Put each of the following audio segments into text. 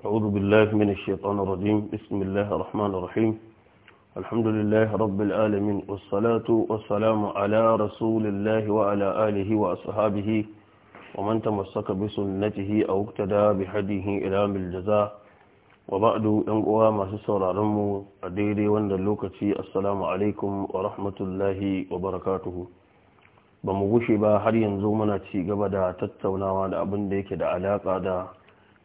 أعوذ بالله من الشيطان الرجيم بسم الله الرحمن الرحيم الحمد لله رب العالمين والصلاة والسلام على رسول الله وعلى آله وأصحابه ومن تمسك بسنته أو اقتدى بحديه إلى بالجزاء وبعد ينقوى ما سسر رمو أديري واندلوكتي السلام عليكم ورحمة الله وبركاته ba mu gushe ba har yanzu muna ci gaba da tattaunawa da abin da yake da alaƙa da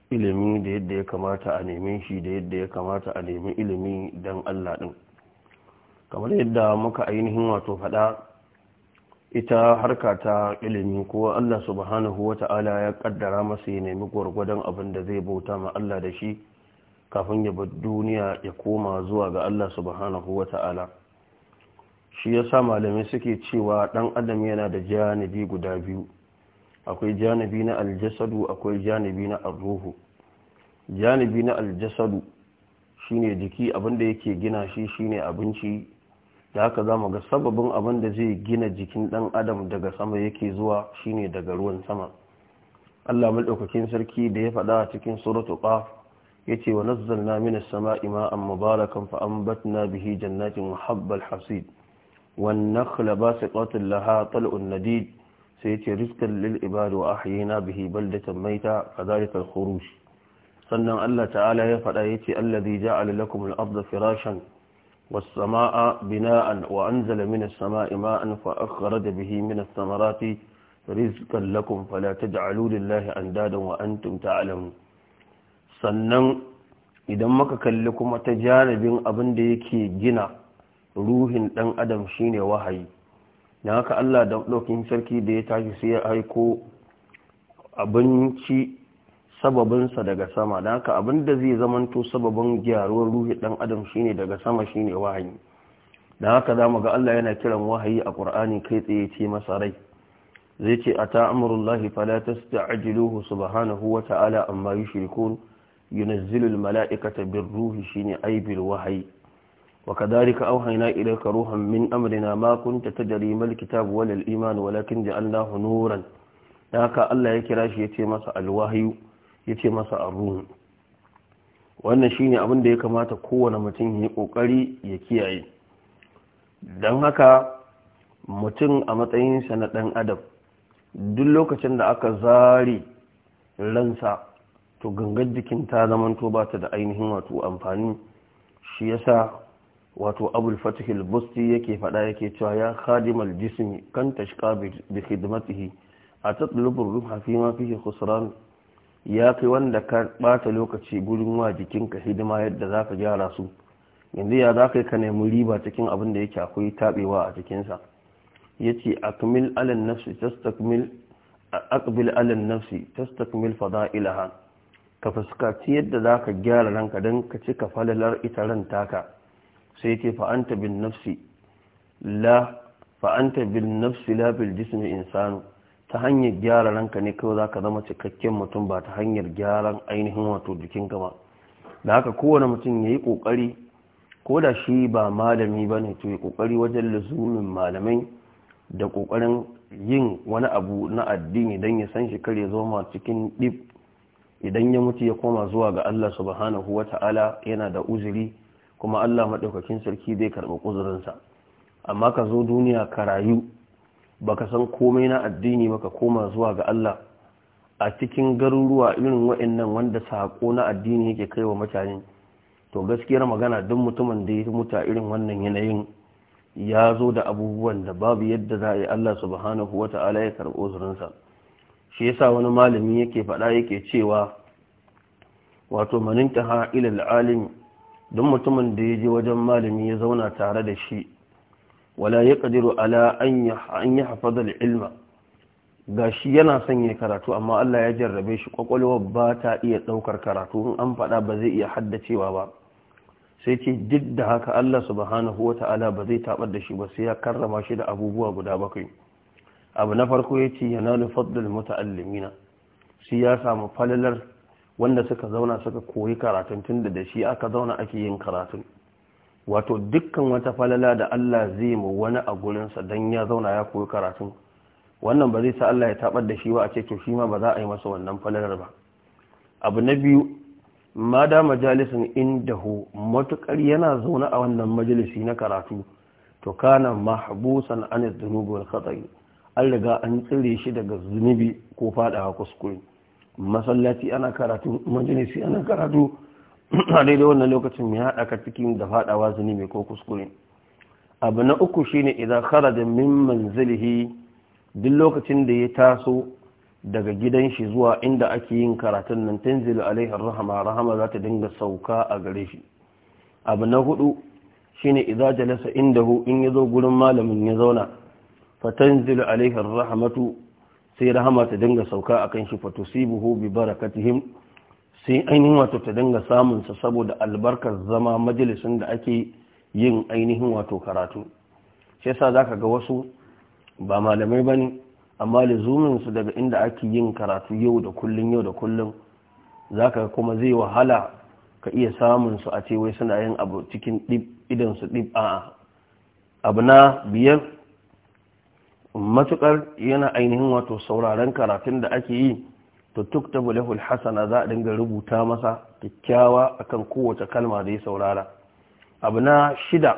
ilimi da yadda ya kamata a nemi shi da yadda ya kamata a nemi ilimi don Allah ɗin kamar yadda muka ainihin wato faɗa ita harka ta ilimi ko Allah subhanahu wa ta'ala ya ƙaddara masa ya nemi gwargwadon abin da zai bauta ma Allah da shi kafin ya bar duniya ya koma zuwa ga Allah subhanahu wa ta'ala shi ya sa malamai suke cewa ɗan adam yana da janibi guda biyu akwai janibi na aljasadu akwai janibi na arruhu janibi na aljasadu shine jiki abinda yake gina shi shine abinci da haka za mu ga sababin abin da zai gina jikin dan adam daga sama yake zuwa shine daga ruwan sama Allah madaukakin sarki da ya faɗa cikin suratu qaf yace wa nazzalna minas sama'i ma'an mubarakan fa anbatna bihi jannatin wa habbal hasid wan nakhla basiqatin laha tal'un nadid sai ce rizqan lil ibadi wa ahyina bihi baldatan maita a al khuruj sannan Allah ta'ala ya faɗa yace allazi ja'ala lakum al arda firashan was samaa bina'an wa anzala minas samaa'i ma'an fa akhraja bihi minas samarati rizqan lakum fala taj'alu lillahi andadan wa antum ta'lamun sannan idan muka kalli kuma ta janibin abin da yake gina ruhin ɗan adam shine wahayi da haka Allah da ɗaukin sarki da ya tashi sai ya aiko abinci sababinsa daga sama da haka abin da zai zamanto sababin gyaruwar ruhi ɗan adam shine daga sama shine wahayi da haka za mu ga Allah yana kiran wahayi a ƙur'ani kai tsaye ce masa rai zai ce a ta'amurin lahi falatas da ajiluhu subhanahu huwa ta'ala amma yi shirikun yunazzilul mala'ikata bin ruhi shine ne aibil wahayi ka ka وكذلك أوحينا إليك روحا من أمرنا ما كنت تدري ما الكتاب ولا الإيمان ولكن جعلناه نورا هكا الله يكراش يتمسى الوهي masa abu. wannan shine abin da ya kamata kowane mutum ya kokari ya kiyaye don haka mutum a matsayinsa na ɗan adam duk lokacin da aka zare ransa to gangar jikin ta zamanto ba ta da ainihin wato amfani shi yasa wato abul fatihil busti yake faɗa yake cewa ya khadimal jism kan tashqa bi khidmatihi a tatlubu ruha fi ma fihi khusran ya kai wanda ka bata lokaci gurin wa jikinka hidima yadda zaka gyara su yanzu ya zaka ka nemi riba cikin abin da yake akwai tabewa a cikin sa yace akmil alan nafsi tastakmil aqbil alan nafsi tastakmil fada'ilaha ka fuskaci yadda zaka gyara ranka dan ka cika falalar ita ran taka sai ce fa'anta bin nafsi la fa'anta bin nafsi la bil jismi insanu ta hanyar gyara ranka ne kawai za ka zama cikakken mutum ba ta hanyar gyaran ainihin wato jikin gama da haka kowane mutum ya yi kokari ko da shi ba malami ba ne to ya kokari wajen lazumin malamai da kokarin yin wani abu na addini dan ya san shekar ya zoma cikin dib idan ya mutu ya koma zuwa ga Allah subhanahu wata'ala yana da uziri. kuma Allah maɗaukakin sarki zai karɓi ƙuzurinsa amma ka zo duniya ka rayu baka san komai na addini ba ka koma zuwa ga Allah a cikin garuruwa irin waɗannan wanda saƙo na addini yake kai wa mutane to gaskiyar magana duk mutumin da ya mutu irin wannan yanayin ya zo da abubuwan da babu yadda za a yi Allah subhanahu wa ta'ala ya karɓi uzurinsa shi yasa wani malami yake faɗa yake cewa wato maninta ha ilal alim don mutumin da ya ji wajen malami ya zauna tare da shi wala ya ƙadiru ala an yi hafazar ilma ga shi yana son ya karatu amma Allah ya jarrabe shi ƙwaƙwalwa ba ta iya ɗaukar karatu in an faɗa ba zai iya haddacewa ba sai ce duk da haka Allah subhanahu wa ta'ala ba zai taɓar da shi ba sai ya karrama shi da abubuwa guda bakwai abu na farko ya ce yana nufaddal muta'allimina sai ya samu falalar wanda suka zauna suka koyi karatun tunda da shi aka zauna ake yin karatun wato dukkan wata falala da Allah zai mu wani a gurinsa don ya zauna ya koyi karatun wannan ba zai sa Allah ya tabar da shi ba a ce to shi ma ba za a yi masa wannan falalar ba abu na biyu ma da majalisin indahu matukar yana zauna a wannan majalisi na karatu to kana mahbusan an dhunubi wal khata'i an riga an tsire shi daga zunubi ko fadawa kuskure masallaci ana karatu majalisi ana karatu a daidai wannan lokacin mai haɗa ka cikin da faɗawa mai ko kuskure abu na uku shine idan kharaja min manzilihi duk lokacin da ya taso daga gidan shi zuwa inda ake yin karatun nan tanzilu alaihi rahama rahama za ta dinga sauka a gare shi abu na hudu shine idan jalasa indahu in ya zo gurin malamin ya zauna fatanzilu alaihi rahmatu sai rahama ta dinga sauka akan shi tusibuhu bi barakatihim sai ainihin wato ta dinga samun sa saboda albarkar zama majalisin da ake yin ainihin wato karatu shi yasa zaka ga wasu ba malamai bane amma lizumin su daga inda ake yin karatu yau da kullun yau da kullun zaka kuma zai wahala ka iya samun su a ce wai suna yin abu cikin dib idan su dib a'a abu biyar matukar yana ainihin wato sauraren karatun da ake yi to tuktabu lahu alhasana za a dinga rubuta masa kyakkyawa akan kowace kalma da ya saurara abu na shida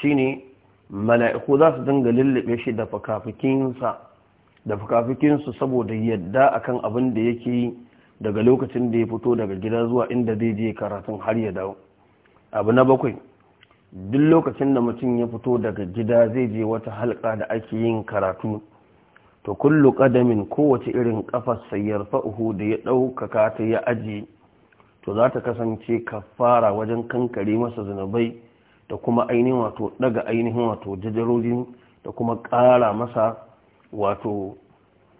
shine mala'iku za su dinga lullube shi da fakafikinsa da su saboda yadda akan abin da yake yi daga lokacin da ya fito daga gida zuwa inda zai je karatun har ya dawo abu na bakwai duk lokacin da mutum ya fito daga gida zai je wata halka da ake yin karatu to kullu kadamin kowace irin kafar sayar fa'uhu da ya ɗaukaka ta ya aji to za ta kasance kafara wajen kankare masa zunubai da kuma ainihin wato daga ainihin wato jajarorin da kuma ƙara masa wato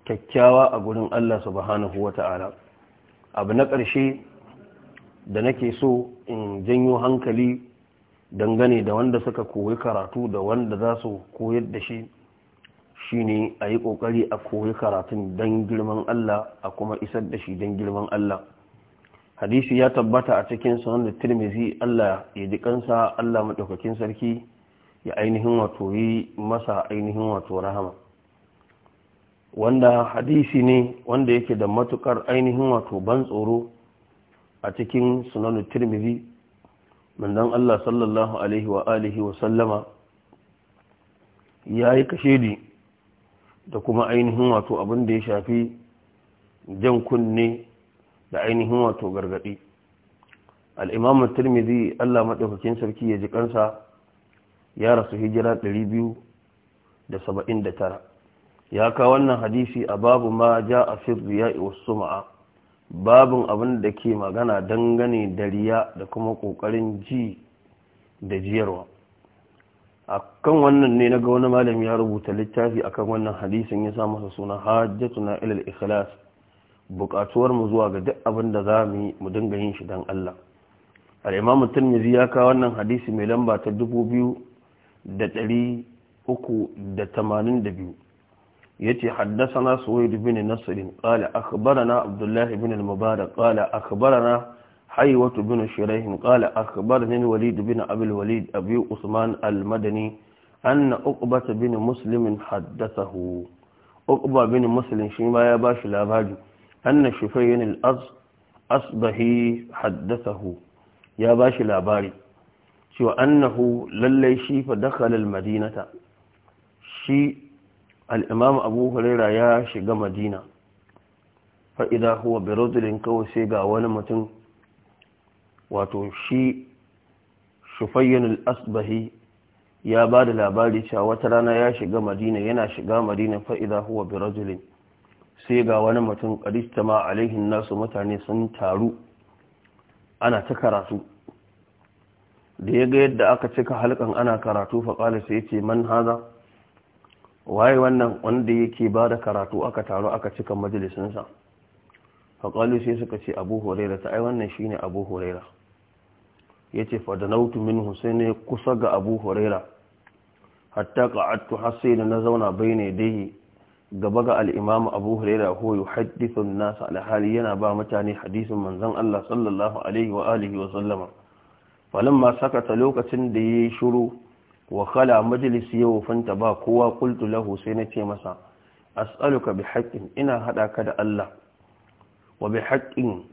kyakkyawa a gurin Allah subhanahu wata'ala abu na ƙarshe da nake so in janyo hankali dangane da wanda suka koyi karatu da wanda za su koyar da shi shine a yi ƙoƙari a koyi karatun don girman Allah a kuma isar da shi don girman Allah hadisi ya tabbata a cikin sanar da tirmizi Allah ya ji kansa Allah maɗaukakin sarki ya ainihin wato yi masa ainihin wato rahama wanda hadisi ne wanda yake da matukar ainihin wato ban tsoro a cikin sunan tirmizi manzon Allah sallallahu alaihi wa alihi wa sallama yayi kashedi da kuma ainihin wato abin da ya shafi jan kunne da ainihin wato gargadi al-imam at-tirmidhi Allah madaukakin sarki ya ji kansa ya rasu hijira 279 ya ka wannan hadisi a babu ma ja a fi riya'i wasu ma'a babin abin da ke magana dangane da riya da kuma kokarin ji da jiyarwa a kan wannan ne na ga wani malami ya rubuta littafi a kan wannan hadisin ya sa masa suna na ilil ikhlas bukatuwar mu zuwa ga duk abin da za mu yi mu dinga yin shi don Allah al'imamu turmizi ya kawo wannan hadisi mai lamba ta dubu biyu da ɗari uku da tamanin da biyu yace haddathana suwayd ibn nasr qala akhbarana abdullah ibn al-mubarak qala akhbarana haywat ibn shuraih qala akhbarani walid ibn abi al-walid abi usman al-madani anna uqbah bin muslim haddathahu uqbah ibn muslim shi ya bashi labari anna shufayn al-az asbahi haddathahu ya bashi labari cewa annahu lallai shi fa dakhala madinata shi al'imam abu huraira ya shiga madina fa'ida huwa birozulin kawai sai ga wani mutum wato shi shufayyanul asbahi ya ba da labari cewa wata rana ya shiga madina yana shiga madina fa'ida huwa birozulin sai ga wani mutum ƙarista ma alaihin nasu mutane sun taru ana ta karatu da ya ga yadda aka cika halkan ana karatu faƙali sai ce man haza waye wannan wanda yake ba da karatu aka taru aka cika majalisinsa faƙalu sai suka ce abu horaira ta ai wannan shine abu horaira ya ce fadanautu min husaini kusa ga abu horaira hatta ƙa'attu hasse da na zauna bai ne dai gaba ga al'imamu abu horaira ko yi haddifin nasa alhali yana ba mutane hadisin manzan Allah sallallahu alaihi wa alihi wa sallama falin ma sakata lokacin da ya yi shuru wakala khala majalisi yau fanta ba kowa qultu lahu sai nace masa as'aluka bi haƙƙin ina hada ka da Allah wa bi haƙƙin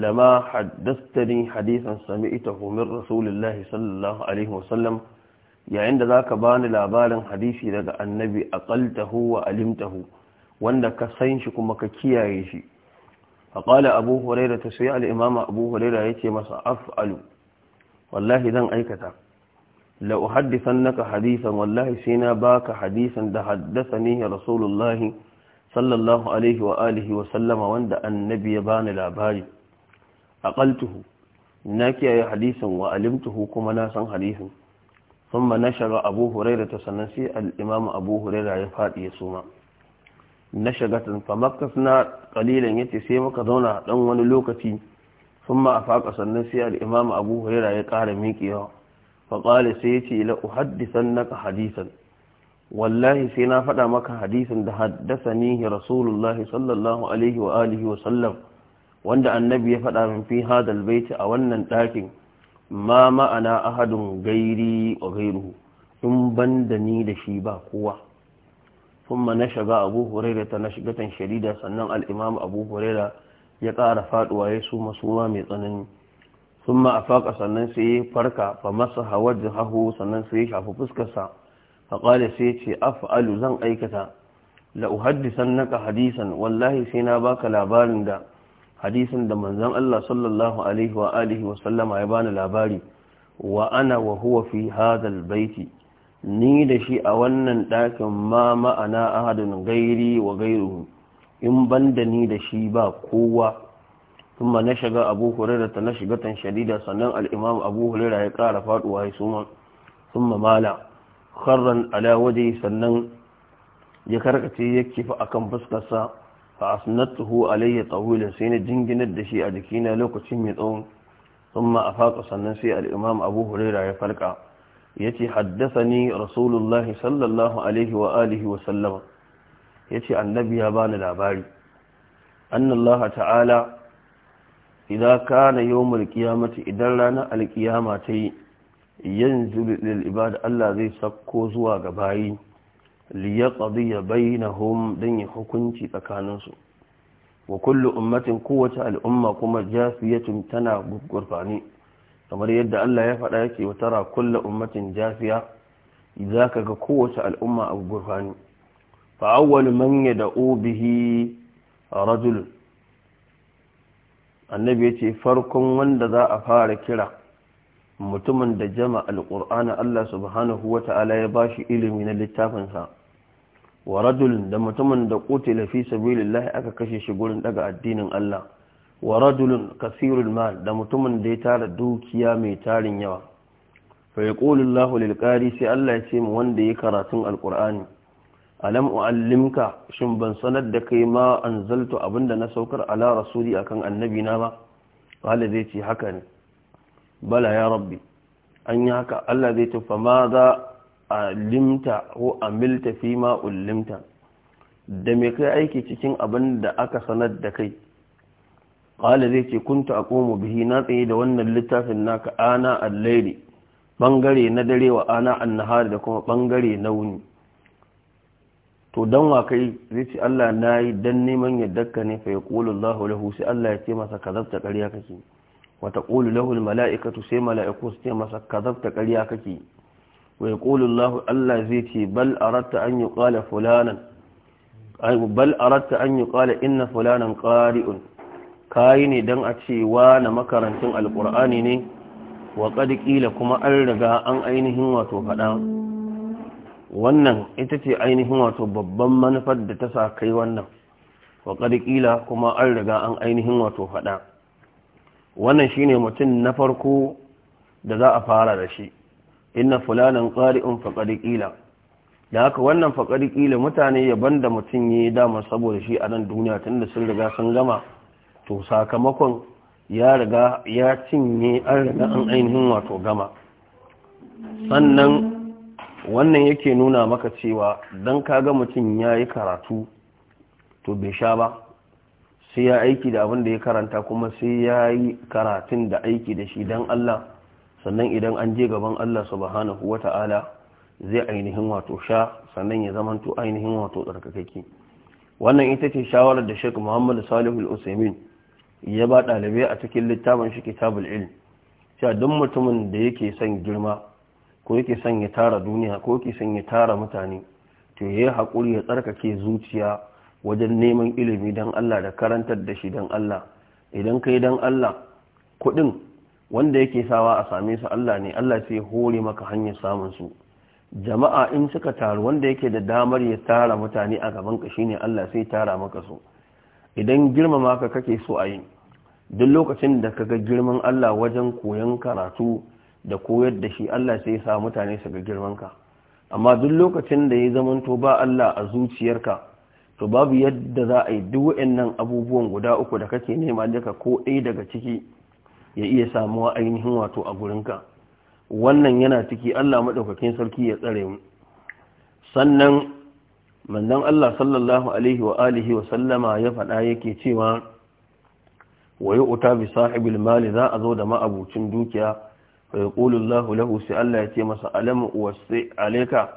lama hadisan sami ita min rasulillahi sallallahu alaihi wa sallam yayin da zaka bani labarin hadisi daga annabi aqaltahu wa alimtahu wanda ka san shi kuma ka kiyaye shi فقال أبو هريرة سيئ الإمام أبو ya ce masa afalu wallahi zan aikata. la naka hadisan wallahi sai na baka hadisan da haddathani rasulullahi sallallahu alaihi wa alihi wa sallama wanda annabi ya bani labari aqaltuhu na kiyaye hadisin wa alimtuhu kuma na san hadisin thumma nashara abu hurairah sannan sai al-imam abu hurairah ya fadi ya suma nashagatan famakkasna qalilan yace sai muka zauna dan wani lokaci thumma afaqa sannan sai al-imam abu hurairah ya ƙara miƙewa faƙali sai ya ce na naka hadisan wallahi sai na faɗa maka hadisin da haddasa nihi rasulullahi sallallahu alaihi wa alihi wa sallam wanda annabi ya faɗa min fi hadal baiti a wannan ɗakin ma ma'ana ahadun gairi wa in ban da ni da shi ba kowa na ثم نشغ ta na shigatan شديدة sannan الإمام أبو هريرة ya ƙara faɗuwa ya suma suma mai tsanani sun ma a faƙa sannan sai ya farka fa masa hawar jihahu sannan sai ya shafi fuskarsa fa sai ce afu'alu zan aikata la'uhaddisan naka hadisan wallahi sai na baka labarin da hadisan da manzan Allah sallallahu alaihi wa alihi wa sallama ya bani labari wa'ana ana wa hadal baiti ni da shi a wannan dakin ma ma'ana ahadin gairi wa gairu in banda ni da shi ba kowa ثم نشغ أبو هريرة نشغة شديدة سنن الإمام أبو هريرة يقال فاتوا هيسوما ثم مالا خرا على وجهي سنن يكركتي يكف أكم فسكسا فأسنته علي طويلا سين جنجن الدشي أدكينا لوك تشميطون ثم أفاق سننسي الإمام أبو هريرة يفرقا يتي حدثني رسول الله صلى الله عليه وآله وسلم يتي النبي يبان العباري أن الله تعالى idan kana yawmul qiyamati idan ranar alkiyama ta yi yanzu ibada ibada Allah zai sakko zuwa ga bayi li yaqdi hom don yi hukunci tsakaninsu su wa kullu ummatin kowace al'umma kuma tun tana gurfani kamar yadda Allah ya faɗa yake wa tara kullum ummatin jasiya ka ga kowace al'umma a gurfani fa'awwal manya da obihi bihi rajul annabi ya ce farkon wanda za a fara kira mutumin da jama alƙur'ana Allah subhanahu wa ta'ala ya ba shi ilimi na littafinsa wa radulun da mutumin da ƙutila fi sabilillahi aka kashe shi gurin daga addinin Allah wa radulun kasirul mal da mutumin da ya tara dukiya mai tarin yawa fa yaqulu Allahu sai Allah ya ce mu wanda ya karatun alkur'ani. alam u'allimka shin ban sanar da kai ma anzalto abinda na saukar ala rasuli akan annabi na ba wala zai ce haka ne bala ya rabbi an yi haka Allah zai tufa fama za a limta ko amilta fi ma da me kai aiki cikin abin da aka sanar da kai wala zai ce kunta komo bihi na tsaye da wannan littafin naka ana al bangare na dare wa ana an da kuma bangare na wuni to dan wa kai zai ce Allah na yi dan neman yaddarka ne fa yaqulu Allahu lahu sai Allah ya ce masa kazabta ƙarya kake wa taqulu lahu mala'ikatu sai mala'iku su ce masa kazabta ƙarya kake wa yaqulu Allah Allah zai ce bal aratta an yuqala fulanan ay bal aratta an yuqala inna fulanan qari'un kayi ne dan a ce wa na makarantun alƙur'ani ne wa qad qila kuma an riga an ainihin wato faɗa wannan ita ce ainihin wato babban manufar da ta sa kai wannan wa ƙarƙila kuma an riga an ainihin wato faɗa wannan shine mutum na farko da za a fara da shi inna fulanan ƙari'un faƙari da haka wannan faƙari mutane mutane yaban da mutum ya yi damar saboda shi a nan duniya tun da sun riga sun gama to sakamakon ya riga ya cinye an riga an ainihin wato gama sannan wannan yake nuna maka cewa don ga mutum ya yi karatu to bai sha ba sai ya aiki da abin da ya karanta kuma sai ya yi karatun da aiki da shi don Allah sannan idan an je gaban Allah subhanahu wa ta'ala zai ainihin wato sha sannan ya zama to ainihin wato tsarkakaki wannan ita ce shawarar da Sheikh Muhammad Salihu al-Usaimin ya ba ɗalibai a cikin littafin shi Kitabul Ilm cewa duk mutumin da yake son girma ko yake son ya tara duniya ko yake son ya tara mutane to yayi hakuri ya tsarkake zuciya wajen neman ilimi dan Allah da karantar da shi dan Allah idan kai dan Allah kudin wanda yake sawa a same su Allah ne Allah sai hore maka hanyar samun su jama'a in suka taru wanda yake da damar ya tara mutane a gaban ka shine Allah sai tara maka su idan girmama ka kake so a yi duk lokacin da kaga girman Allah wajen koyon karatu da koyar da shi Allah sai ya sa mutane su ga girman ka amma duk lokacin da ya zamanto ba Allah a zuciyarka to babu yadda za a yi duk waɗannan abubuwan guda uku da kake nema daga ko ɗaya daga ciki ya iya samuwa ainihin wato a gurin ka wannan yana ciki Allah maɗaukakin sarki ya tsare mu sannan manzon Allah sallallahu alaihi wa alihi wa sallama ya faɗa yake cewa waye uta bi sahibil mali za a zo da ma'abucin dukiya fa yaqulu lahu sai Allah ya ce masa alam wasi alayka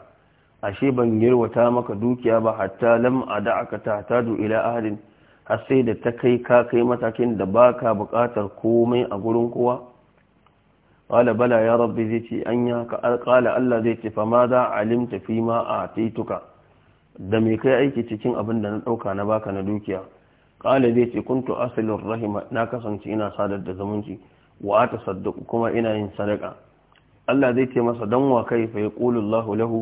ashe ban yirwata maka dukiya ba hatta lam ta tahtadu ila ahadin har sai da ta kai ka kai matakin da baka bukatar komai a gurin kowa qala bala ya rabbi zai ce yi ka alqala Allah zai ce fa ma za alimta fi ma atituka da me kai aiki cikin abin da na ɗauka na baka na dukiya ƙala zai ce kuntu asalin rahima na kasance ina sadar da zumunci wa ta kuma ina yin sadaka Allah zai ce masa dan wa kai fa yaqulu Allahu lahu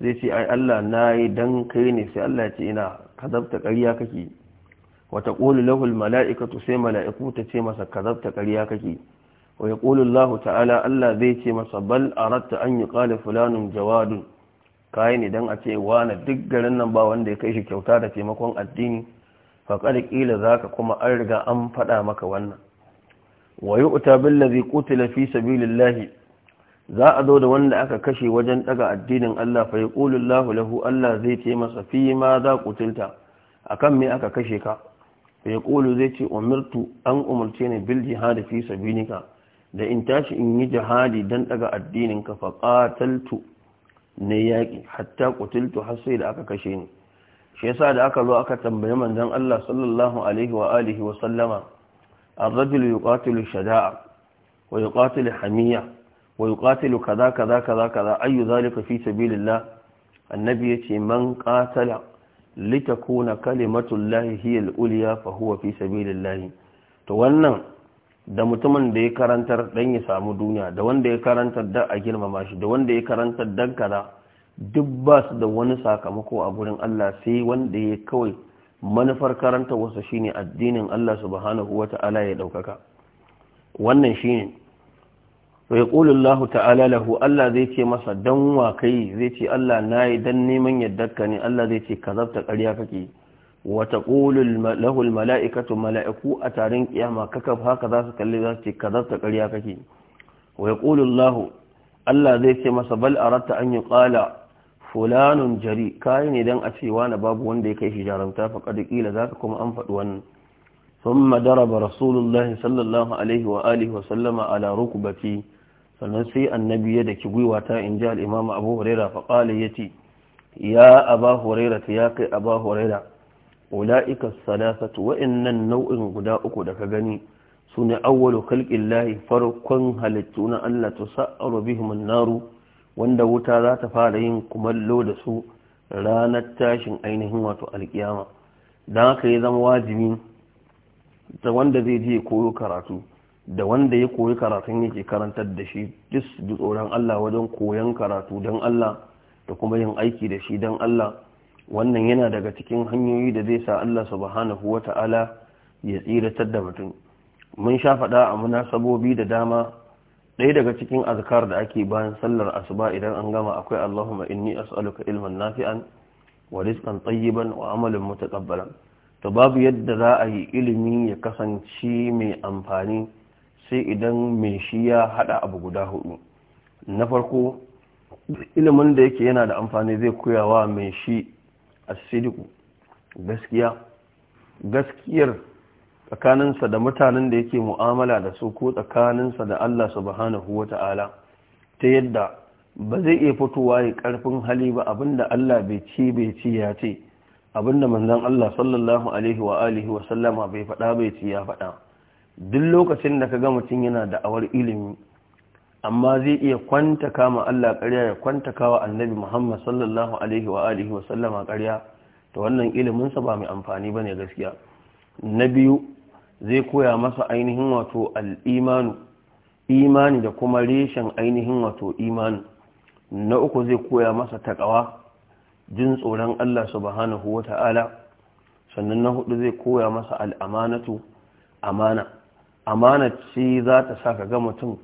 zai ce ai Allah nayi dan kai ne sai Allah ya ce ina kazabta ƙarya kake wa taqulu lahu al mala'ikatu sai mala'iku ta ce masa kazabta ƙarya kake wa yaqulu Allah ta'ala Allah zai ce masa bal aratta an yuqala fulanun jawadun kai ne dan a ce wani duk garin nan ba wanda ya kai shi kyauta da taimakon addini faqad qila zaka kuma an riga an faɗa maka wannan wa yu'ta billazi qutila fi sabilillahi za a zo da wanda aka kashe wajen daga addinin Allah fa yaqulu lahu Allah zai ce masa fi ma za qutilta akan me aka kashe ka fa yaqulu zai ce umirtu an umarce ni bil jihad fi sabilika da in tashi in yi jihadi dan daga addinin ka fa qataltu ne yaƙi, hatta kutiltu har sai da aka kashe ni shi yasa da aka zo aka tambayi manzon Allah sallallahu alaihi wa alihi wa sallama الرجل يقاتل شجاعة ويقاتل حمية ويقاتل كذا كذا كذا كذا أي ذلك في سبيل الله النبي يتي من قاتل لتكون كلمة الله هي الأولية فهو في سبيل الله تولنا da mutumin da ya karantar dan ya samu duniya da wanda ya karantar dan a girmama shi da wanda ya karantar dan kaza duk ba su da wani sakamako a gurin Allah sai wanda ya kawai manufar karanta wasu shine addinin Allah subhanahu wata'ala ya ɗaukaka wannan shine wa yaqulu Allah ta'ala lahu Allah zai ce masa dan wa kai zai ce Allah nayi dan neman yaddarka ne Allah zai ce kazabta ƙarya kake wata taqulu lahu mala'ikatu mala'iku a tarin kiyama kaka haka za su kalli za su ce kazabta ƙarya kake wa Allah Allah zai ce masa bal aratta an ƙala. fulanun jari kayi ne don a ce wani babu wanda ya kai shi jarumta faƙaɗi ƙila za ka kuma an faɗi wannan sun madaraba rasulullahi sallallahu alaihi wa alihi wa sallama ala rukubati sannan sai annabi ya daki gwiwa ta in ji al'imama abu huraira faƙali ya ce ya aba huraira ta ya kai aba huraira ula'ika salasatu waɗannan nau'in guda uku da ka gani su ne awwalu khalqin lahi farkon halittu na Allah tusa'aru sa'aru an-naru wanda wuta za ta fara yin kumallo da su ranar tashin ainihin wato alkiyama don haka ya zama wajibi ta wanda zai je koyo karatu da wanda ya koyi karatun yake karantar da shi duk tsoron Allah wajen koyon karatu don Allah da kuma yin aiki da shi don Allah wannan yana daga cikin hanyoyi da zai sa Allah subhanahu wa ta'ala ya tsiratar da mutum mun sha faɗa a munasabobi da dama ɗaya daga cikin azkar da ake bayan sallar asuba idan an gama akwai Allahumma inni as'aluka ilman nafi'an wa rizqan tayyiban wa amalan mutaqabbalan to babu yadda za a yi ilimi ya kasance mai amfani sai idan mai shi ya hada abu guda hudu na farko ilimin da yake yana da amfani zai koyawa mai shi asidiku gaskiya gaskiyar tsakaninsa da mutanen da yake mu'amala da su ko tsakaninsa da Allah subhanahu wata'ala ta yadda ba zai iya fitowa ya karfin hali ba abinda Allah bai ci bai ci ya ce abinda manzon Allah sallallahu alaihi wa alihi wa sallama bai faɗa bai ci ya faɗa duk lokacin da ka ga mutum yana da awar ilimi amma zai iya kwanta kama Allah karya ya kwanta kawa annabi Muhammad sallallahu alaihi wa alihi wa sallama ƙarya to wannan ilimin sa ba mai amfani bane gaskiya na biyu zai koya masa ainihin wato al'imanu imani da kuma reshen ainihin wato imani na uku zai koya masa taƙawa jin tsoron Allah subhanahu wa ta'ala sannan na hudu zai koya masa al'amanatu amana amana ce za ta sa ka ga mutum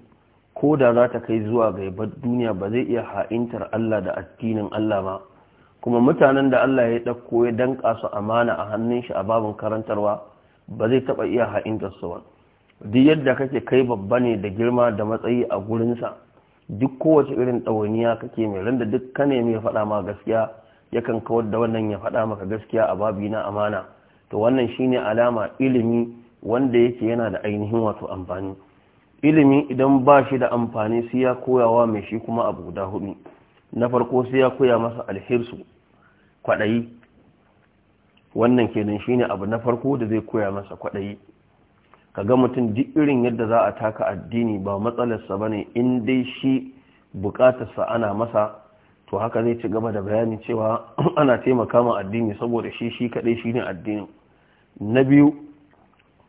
ko da za ta kai zuwa gaibar duniya ba zai iya ha'intar Allah da addinin Allah ba kuma mutanen da Allah ya ɗauko ya danƙa su amana a hannun shi a babin karantarwa ba zai taba iya ha'intarsu ba duk yadda kake kai babba ne da girma da matsayi a gurinsa duk kowace irin ɗawainiya kake mai randa duk ka ne mai faɗa ma gaskiya yakan kawar da wannan ya faɗa maka gaskiya a babi na amana to wannan shine alama ilimi wanda yake yana da ainihin wato amfani ilimi idan ba shi da amfani sai ya koyawa mai shi kuma abu guda hudu na farko sai ya koya masa alhirsu kwaɗayi wannan kenan shine abu na farko da zai koya masa kwaɗayi Ka ga mutum duk irin yadda za a taka addini ba matsalarsa bane in dai shi bukatarsa ana masa to haka zai ci gaba da bayani cewa ana taimaka ma addini saboda shi shi kaɗai shi ne addinin na biyu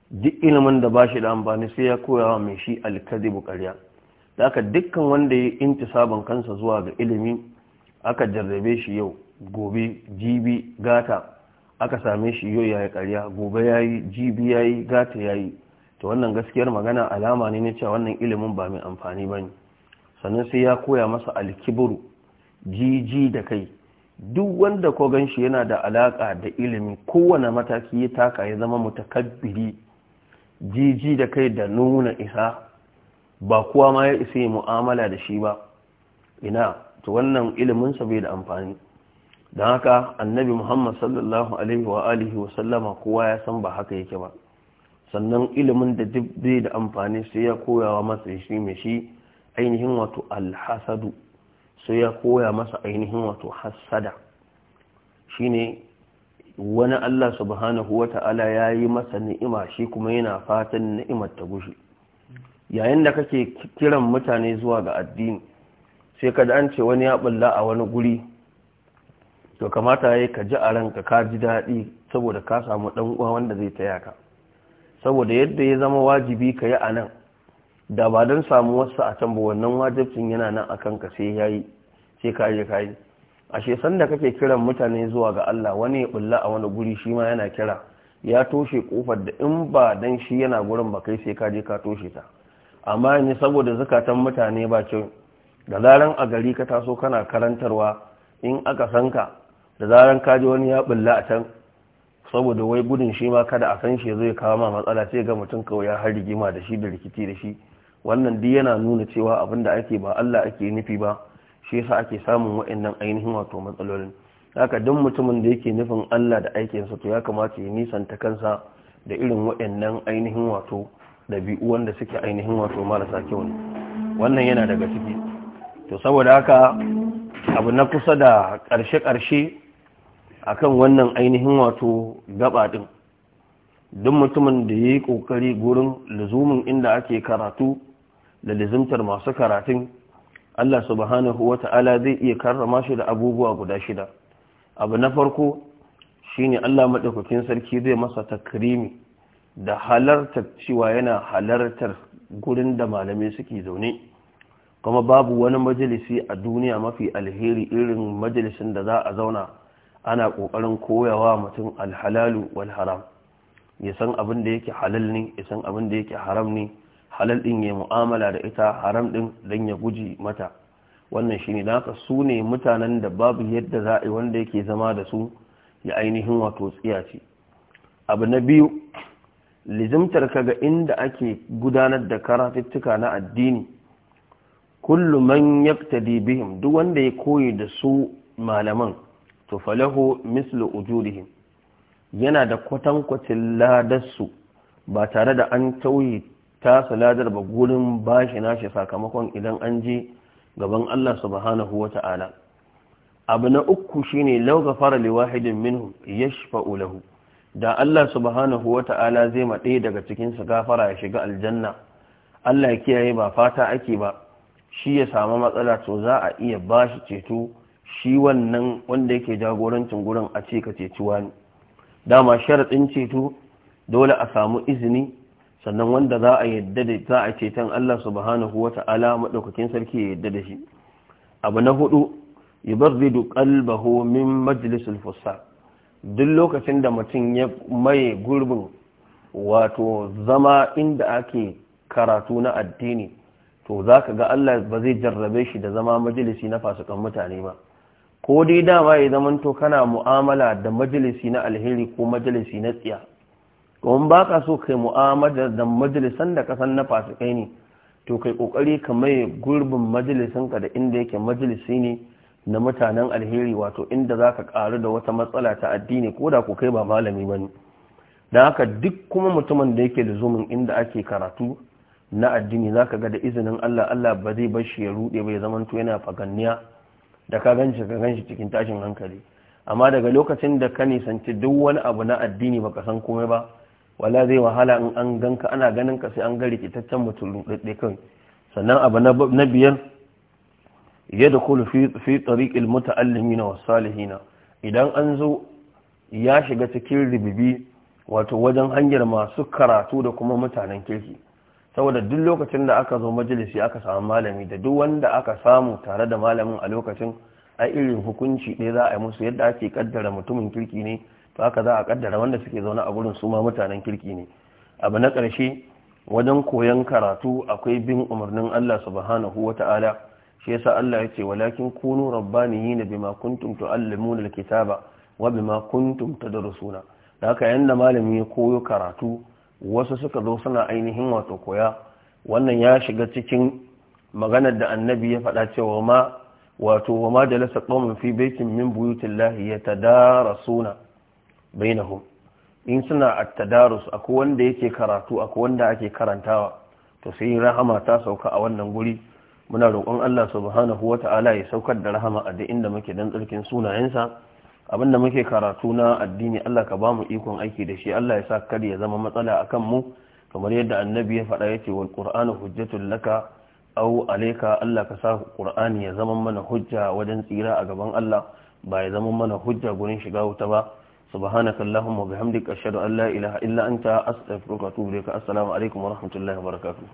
duk ilimin da ba shi da amfani sai ya koya wa mai shi alkadibu ƙarya da aka dukkan wanda ya inci sabon kansa zuwa ga ilimi aka jarrabe shi yau gobe jibi gata aka same shi yau ya yi karya gobe ya yi jibi ya yi gata ya yi ta wannan gaskiyar magana alama ne na cewa wannan ilimin ba mai amfani ba ne sannan sai ya koya masa alkiburu jiji da kai duk wanda ko gan shi yana da alaka da ilimi kowane mataki ya taka ya zama mutakabbiri jiji da kai da nuna isa ba kuwa ma ya isa mu'amala da shi ba ina to wannan iliminsa bai da amfani don haka annabi muhammad sallallahu alaihi wa alihi wa sallama kowa ya san ba haka yake ba sannan ilimin da duk zai da amfani sai ya koya wa masa shi mai shi ainihin wato alhasadu sai ya koya masa ainihin wato hassada shine wani Allah subhanahu wa ta'ala ya yi masa ni'ima shi kuma yana fatan ni'imar ta gushi yayin da kake kiran mutane zuwa ga addini sai kada da an ce wani ya bulla a wani guri to kamata ya yi ka ji a ranka ka ji daɗi saboda ka samu ɗan uwa wanda zai taya ka saboda yadda ya zama wajibi ka yi a nan da ba don samu wasu a can ba wannan wajibcin yana nan a kanka sai ya yi sai ka yi ka yi ashe sanda kake kiran mutane zuwa ga Allah wani ya bulla a wani guri shi ma yana kira ya toshe kofar da in ba don shi yana gurin ba kai sai ka je ka toshe ta amma ne saboda zakatan mutane ba ce da zaran a gari ka taso kana karantarwa in aka san ka da zaran kaji wani ya bulla a can saboda wai gudun shi ma kada a san shi zai kawo ma matsala sai ga mutum kawai ya har gima da shi da rikici da shi wannan duk yana nuna cewa abin da ake ba Allah ake nufi ba shi yasa ake samun wa'annan ainihin wato matsalolin haka duk mutumin da yake nufin Allah da aikin sa to ya kamata ya nisanta kansa da irin wa'annan ainihin wato dabi'u wanda suke ainihin wato marasa kyau ne wannan yana daga ciki to saboda haka abu na kusa da ƙarshe-ƙarshe akan wannan ainihin wato gaba din duk mutumin da yi kokari gurin luzumin inda ake karatu da lizimtar masu karatun Allah subhanahu wata'ala zai iya karrama shi da abubuwa guda shida abu na farko shine Allah madaukakin sarki zai masa takrimi da halartar cewa yana halartar gurin da malamai suke zaune kuma babu wani majalisi a duniya mafi alheri irin majalisin da za a zauna ana ƙoƙarin koyawa mutum alhalalu wal haram ya san abin da yake halal ne ya san abin da yake haram ne halal ɗin ya mu'amala da ita haram ɗin don ya guji mata wannan shi ne da su ne mutanen da babu yadda za a yi wanda yake zama da su ya ainihin wato tsiyaci abu na biyu lizimtar ka ga inda ake gudanar da karatuttuka na addini kullum man yaktadi bihim duk wanda ya koyi da su malaman to falahu mislu ujurihim yana da kwatankwacin ladarsu ba tare da an tauyi tasa ladar ba gurin bashi nashi sakamakon idan an je gaban Allah subhanahu wa ta'ala abu na uku shine law ghafara li wahidin minhum yashfa'u lahu da Allah subhanahu wa ta'ala zai maɗe daga cikin su gafara ya shiga aljanna Allah ya kiyaye ba fata ake ba shi ya samu matsala to za a iya bashi ceto shi wannan wanda yake jagorancin gurin a ce ka ceci wani dama sharaɗin ceto dole a samu izini sannan wanda za a yadda da za a ceton Allah subhanahu wa Ala maɗaukakin sarki ya yadda da shi abu na hudu yubarridu qalbahu min Majalisar fussa duk lokacin da mutum ya maye gurbin wato zama inda ake karatu na addini to za ka ga Allah ba zai jarrabe shi da zama majalisi na fasukan mutane ba ko dai dama ya zamanto kana mu'amala da majalisi na alheri ko majalisi na tsiya kuma ba ka so kai mu'amala da majalisan da kasan na fasikai ne to kai kokari ka mai gurbin ka da inda yake majalisi ne na mutanen alheri wato inda zaka ka karu da wata matsala ta addini ko da ku kai ba malami ba ne haka duk kuma mutumin da yake luzumin inda ake karatu na addini zaka ga da izinin allah allah ba zai bar shi ya rude bai zamanto yana faganniya da ka gan shi ka gan shi cikin tashin hankali amma daga lokacin da ka nisanci duk wani abu na addini baka san komai ba wala zai wahala in an ganka ana ganin ka sai an ga rikitaccen mutum rudadde kai sannan abu na biyar yadkhulu fi fi tariqil muta'allimin wasu salihin idan an zo ya shiga cikin ribibi wato wajen hanyar masu karatu da kuma mutanen kirki saboda duk lokacin da aka zo majalisi aka samu malami da duk wanda aka samu tare da malamin a lokacin a irin hukunci ɗaya za a yi musu yadda ake kaddara mutumin kirki ne to haka za a kaddara wanda suke zaune a gurin su ma mutanen kirki ne abu na ƙarshe wajen koyon karatu akwai bin umarnin Allah subhanahu wata'ala shi yasa Allah ya ce walakin kunu rabbaniyin bima kuntum tuallimuna alkitaba wa bima kuntum tadrusuna da haka yanda malami ya koyo karatu wasu suka zo suna ainihin wato koya wannan ya shiga cikin maganar da annabi ya faɗa cewa ma wato wa ma jalasa fi baitin min buyutillahi yatadarasuna bainahum in suna at-tadarus akwai wanda yake karatu akwai wanda ake karantawa to sai rahama ta sauka a wannan guri muna roƙon Allah subhanahu wata'ala ya saukar da rahama a duk inda muke dan tsarkin sunayensa abinda muke karatu na addini Allah ka bamu ikon aiki da shi Allah ya sa kar ya zama matsala akan mu kamar yadda annabi ya faɗa yace wal qur'anu hujjatul laka aw alayka Allah ka sa qur'ani ya zama mana hujja wajen tsira a gaban Allah ba ya zama mana hujja gurin shiga wuta ba subhanaka allahumma bihamdika ashhadu an la ilaha illa anta astaghfiruka wa atubu ilaik assalamu alaikum wa rahmatullahi wa barakatuh